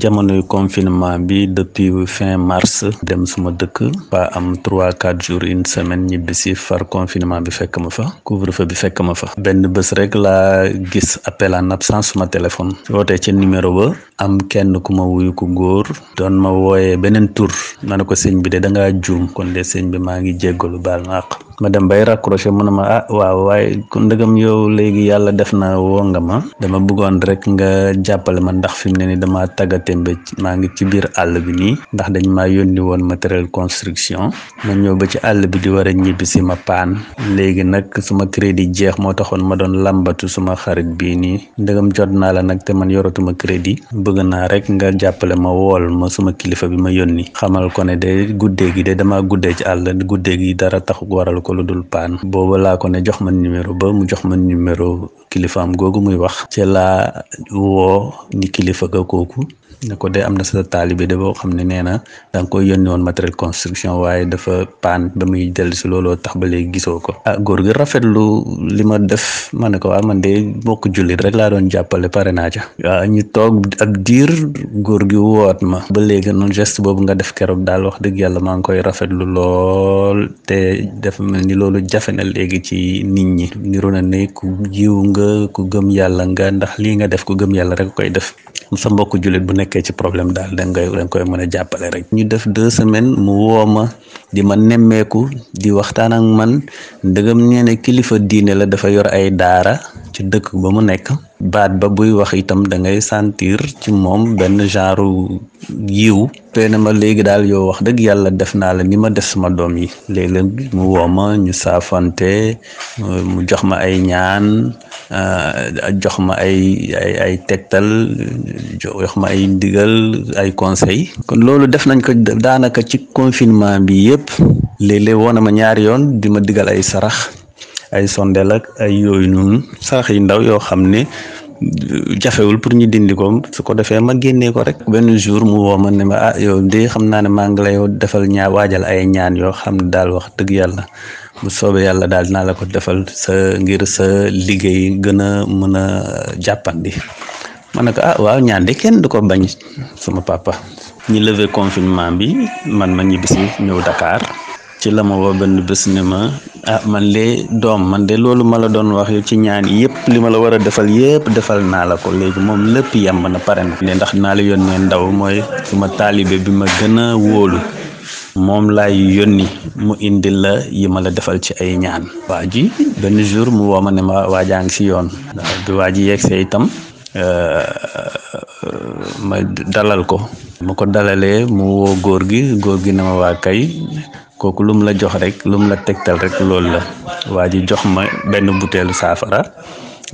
jamonoy confinement bi depuis fin mars dem suma dëkk ba am trois quatre jours une semaine ñibbisi far confinement bi fekk ma fa couvre-feu fekk ma fa benn bés rek laa gis appel en absence suma téléphone wootee ca numéro ba am kenn ku ma wuyu ko góor doon ma wooye beneen tour ma ne ko sëñ bi de da ngaa juum kon de sëñ bi maa ngi jéggalu baal ma madame bayra crochet mon ma ah waaw ku ndegam yow léegi yalla def na nga ma dama bëggon rek nga jappal ma ndax fi ne ni dama mbé ma ngi ci bir all bi ni ndax dañ ma yónni won matériel construction ma ñëw ba ci all bi di wara a ma pan nak suma crédit jeex mo taxone ma don lambatu suma xarit bini, ni ndegam jot naa la nak te man yoratuma crédit bëgg na rek nga jappalé ma wol ma suma kilifa bi ma yoni xamal ko ne de guddé gi de dama guddé ci all guddé gi dara taxu waral ko lu dul paan booba laa ko ne jox ma numéro ba mu jox ma numéro kilifaam googu muy wax ci laa woo ni kilifa ga kooku ne ko de am na sa taalibe de boo xam ne nee na danga koy yónni woon matériel construction waaye dafa paan ba muy dellu si looloo tax ba léegi gisoo ko ah góor gi rafetlu li ma def ma ne ko waaw man de bokk jullit rek laa doon jàppale pare naa ca waaw ñu toog ab diir góor gi ma ba léegi noonu geste boobu nga def keroog daal wax dëgg yàlla maa ngi koy rafetlu lool te dafa niru na ne ku jiw ku gëm yàlla nga ndax lii nga def ku gëm yàlla rek koy def sa mbokk jullit bu nekkee ci problème daal da ngay da koy mën a jàppale rek ñu def deux semaines mu woo ma di ma nemmeeku di waxtaan ak man ndëgëm nee ne kilifa diine la dafa yor ay daara ci dëkk ba mu nekk baat ba buy wax itam da ngay sentir ci moom benn genre yiw peena ma léegi daal yow wax dëgg yàlla def naa la ni ma def sama doom yi léeg-léeg mu woo ma ñu saafante mu jox ma ay ñaan euh, jox ma ay ay tegtal jox ma ay ndigal ay conseil kon loolu def nañ ko daanaka ci confinement bi yëpp léeg-léeg na ma ñaari yoon di ma digal ay sarax ay sondel ak ay yooyu noonu sarax yu ndaw yoo xam ne jafewul pour ñu dindi ko su ko defee ma génnee ko rek benn jour mu woo ma ne ma ah yow de xam naa ne maa ngi lay defal ñaa waajal ay ñaan yoo xam ne daal wax dëgg yàlla mu soobee yàlla daal naa la ko defal sa ngir sa liggéey gën a mën a jàppandi ma ne ko ah waaw ñaan de kenn du ko bañ sama papa ñi lever confinement bi man ma ñibbisi ñëw Dakar. ci la ma wo benn bés ne ma ah man de doom man de loolu ma la doon wax ci ñaan yëpp li ma la war a defal yëpp defal naa la ko léegi moom lépp yemb na pare na ndax naa la yónnee ndaw mooy suma taalibe bi ma gën a wóolu moom laay yónni mu indi la yi ma la defal ci ay ñaan waa ji benn jour mu woo ma ne ma waajaa ngi si yoon bi waa ji yegsee itam euh, ma dalal ko mu ko dalalee mu woo góor gi góor gi ne ma waa kay kooku lum la jox rek lum la tegtal rek loolu la waa ji jox ma benn buteelu saafara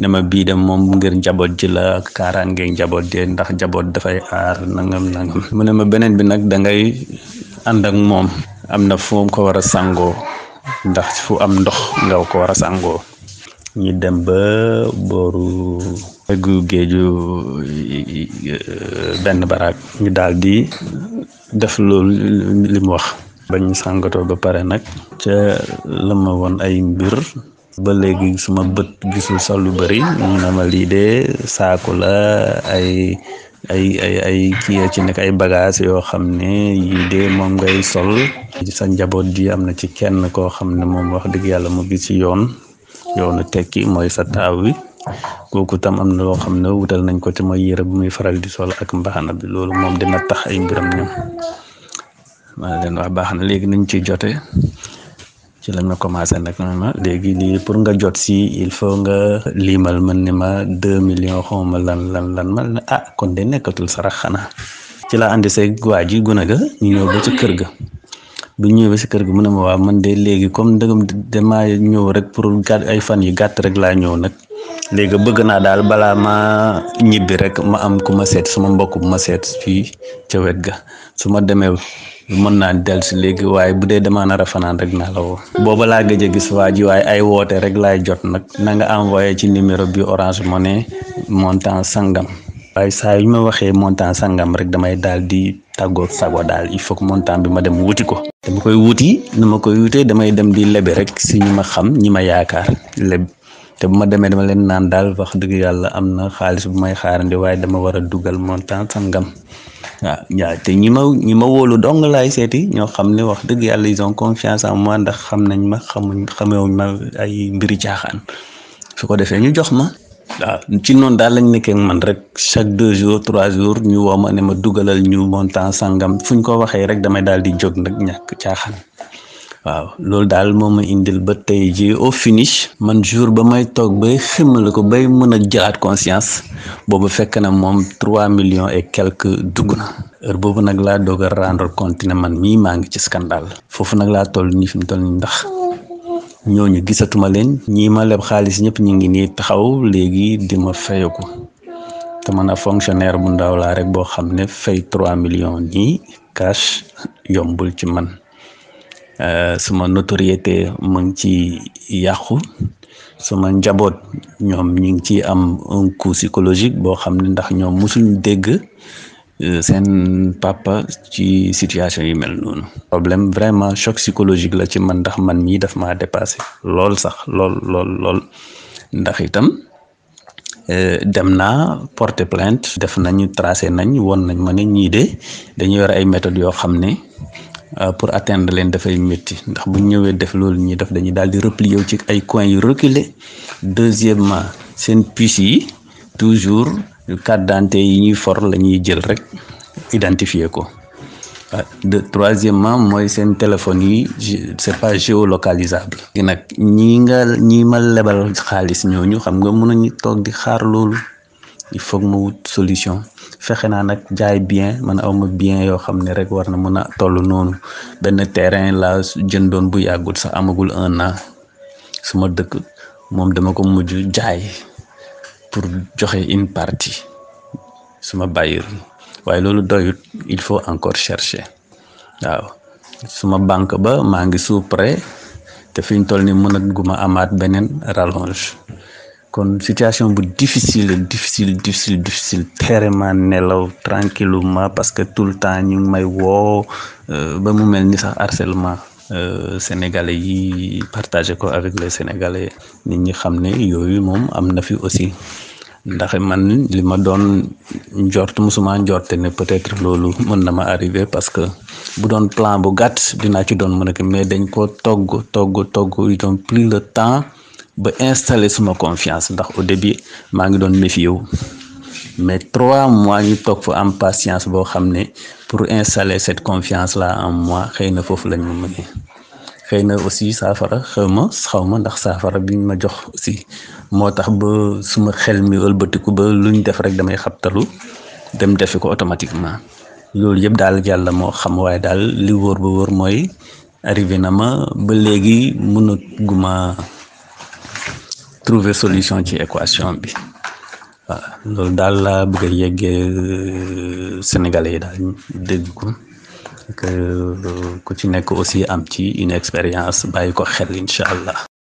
ne ma bii dem moom ngir njaboot ji la kaaraan ngee njaboot ji ndax njaboot dafay aar nangam nangam mu ne ma beneen bi nag da ngay ànd moom am na fu ko war a sangoo ndax fu am ndox nga ko war a sangoo ñu dem ba booru eggu benn baraag ñu daal di def loolu li wax. bañ sàngatoo ba paré nak ca la ma woon ay mbir ba légui suma bët gisul sax lu bari ñu ne ma lii de saaku la ay ay ay ay ki ya ci nek ay bagage yo xam yi de ngay sol sa njabot di amna na ci kenn ko xam mom wax dëgg yalla mo ngi ci yoon yoonu tekki moy sa taaw wi kooku tam amna lo loo wutal nañ ko ci moy bu muy faral di sol ak mbaxana bi lolu mom dina tax ay mbiram ñam ma leen wax baax na léegi nañ ci jote ci lañ ma commencé nag ma léegi li pour nga jot si il faut nga limal man ni ma deux millions xawma lan lan lan ma ne ah kon de nekkatul sarax xanaa ci la andi say waa ji guna ga ñu ñëw ba ci kër ga bu ñëwee ci kër ga mu ne ma waa man de léegi comme ndëgam damaa ñëw rek pour gàtt ay fan yu gàtt rek laa ñëw nag léegi bëgg naa daal balaa ma ñibbi rek ma am ku ma seet sama mbokk bu ma seet fii ca wet ga su ma demee mën naa del si léegi waaye bu dee damaa nar fanaan rek naa la woo booba laa gëj a gis waa waaye ay woote rek lay jot nag nanga envoyé ci numéro bi Orange Money montant sangam waaye saa ñu ma waxee montant sangam rek damay daal di tàggoog sago daal il faut que montant bi ma dem wuti ko dama koy wuti nu ma koy wutee damay dem di lebe rek si ñu ma xam ñi ma yaakaar leb te bu ma demee dama leen naan daal wax dëgg yàlla am na xaalis bu may xaarandi waaye dama war a dugal montant sangam waaw waaw te ñi ma ñi ma wóolu dong laay seeti ñoo xam ne wax dëgg yàlla ils ont confiance en moi ndax xam nañ ma xamuñ xamewuñ ma ay mbiri caaxaan su ko defee ñu jox ma waaw ci noonu daal lañ nekkee man rek chaque deux jours trois jours ñu woo ma ne ma dugalal ñu montant sangam fu ko waxee rek damay daal di jóg nag ñàkk caaxaan. waaw loolu daal moom ma indil ba tey ji au finish man jour ba may toog bay xëmmale ko bay mën a jëlaat conscience boobu fekk na moom trois millions et quelques dugg na heure boobu nag laa doog a rendre compte man mii maa ngi ci scandale foofu nag laa toll nii fi mu toll nii ndax ñooñu gisatuma leen ñii ma leb xaalis ñëpp ñu ngi nii taxaw léegi di ma ko te man a fonctionnaire bu ndaw laa rek boo xam ne fay trois millions nii cash yombul ci man Euh, suma notoriété mu ngi ci yàqu suma njaboot ñoom ñu ngi ci am un coup psychologique boo xam ne ndax ñoom musuñu dégg euh, seen papa ci situation yi mel noonu problème vraiment choc psychologique la ci man ndax man mii daf maa dépassé lool sax lool lool ndax itam euh, dem na porter plainte def nañu tracé nañ woon nañ ma ne ñii de dañu yore ay méthodes yoo xam ne Euh, pour atteindre leen dafay métti ndax bu ñëwee def loolu ñuy def dañuy daal di replier ci ay coin yu reculé deuxièmement seen puce yi toujours carte d'identité yi ñuy for la ñuy jël rek identifier ko euh, de troisièmement mooy seen téléphone yi c'est pas géolocalisable nag ñi nga ñi ma lebal xaalis ñooñu xam nga mënuñu toog di xaar loolu il faut mu wut solution fexe naa nag jaay bien man awma bien yoo xam ne rek war na mën a toll noonu benn terrain la jëndoon bu yàggul sax amagul un an suma dëkk moom dama ko mujj jaay pour joxe une partie suma bayir waaye loolu doyut il faut encore chercher waaw suma banque ba maa ngi sous prêt te fiñ toll ni mën guma amaat beneen rallonge kon situation bu difficile difficile difficile difficile vraiment nelaw tranquillement parce que tout le temps ñu ngi may woo euh, ba mu mel ni sax harcèlement euh, sénégalais yi partagé ko avec les sénégalais nit ñi xam ne yooyu moom am na fi aussi ndax man li ma doon njort musuma njorte ne peut-être loolu mën na ma arriver parce que bu doon plan bu gàtt dinaa ci doon mën a mais dañ ko togg togg togg ils ont pris le temps ba installer suma confiance ndax au bi maa ngi doon méfier wu mais trois mois ñu toog fa am patience boo xam ne pour installer cette confiance là am mois xëy na foofu la ñu mënee xëy na aussi saafara xew ma xaw ma ndax saafara bi ma jox aussi moo tax ba suma xel mi ëlbatiku ba lu ñu def rek damay xabtalu dem defe ko automatiquement loolu yëpp daal yàlla moo xam waaye daal li wóor ba wóor mooy arrivé na ma ba léegi mënaguma trouver solution ci équation bi waaw loolu daal laa bëgg a yeggee euh, yi daal dégg ko que ci nekk aussi am ci une expérience bàyyi ko xel incha allah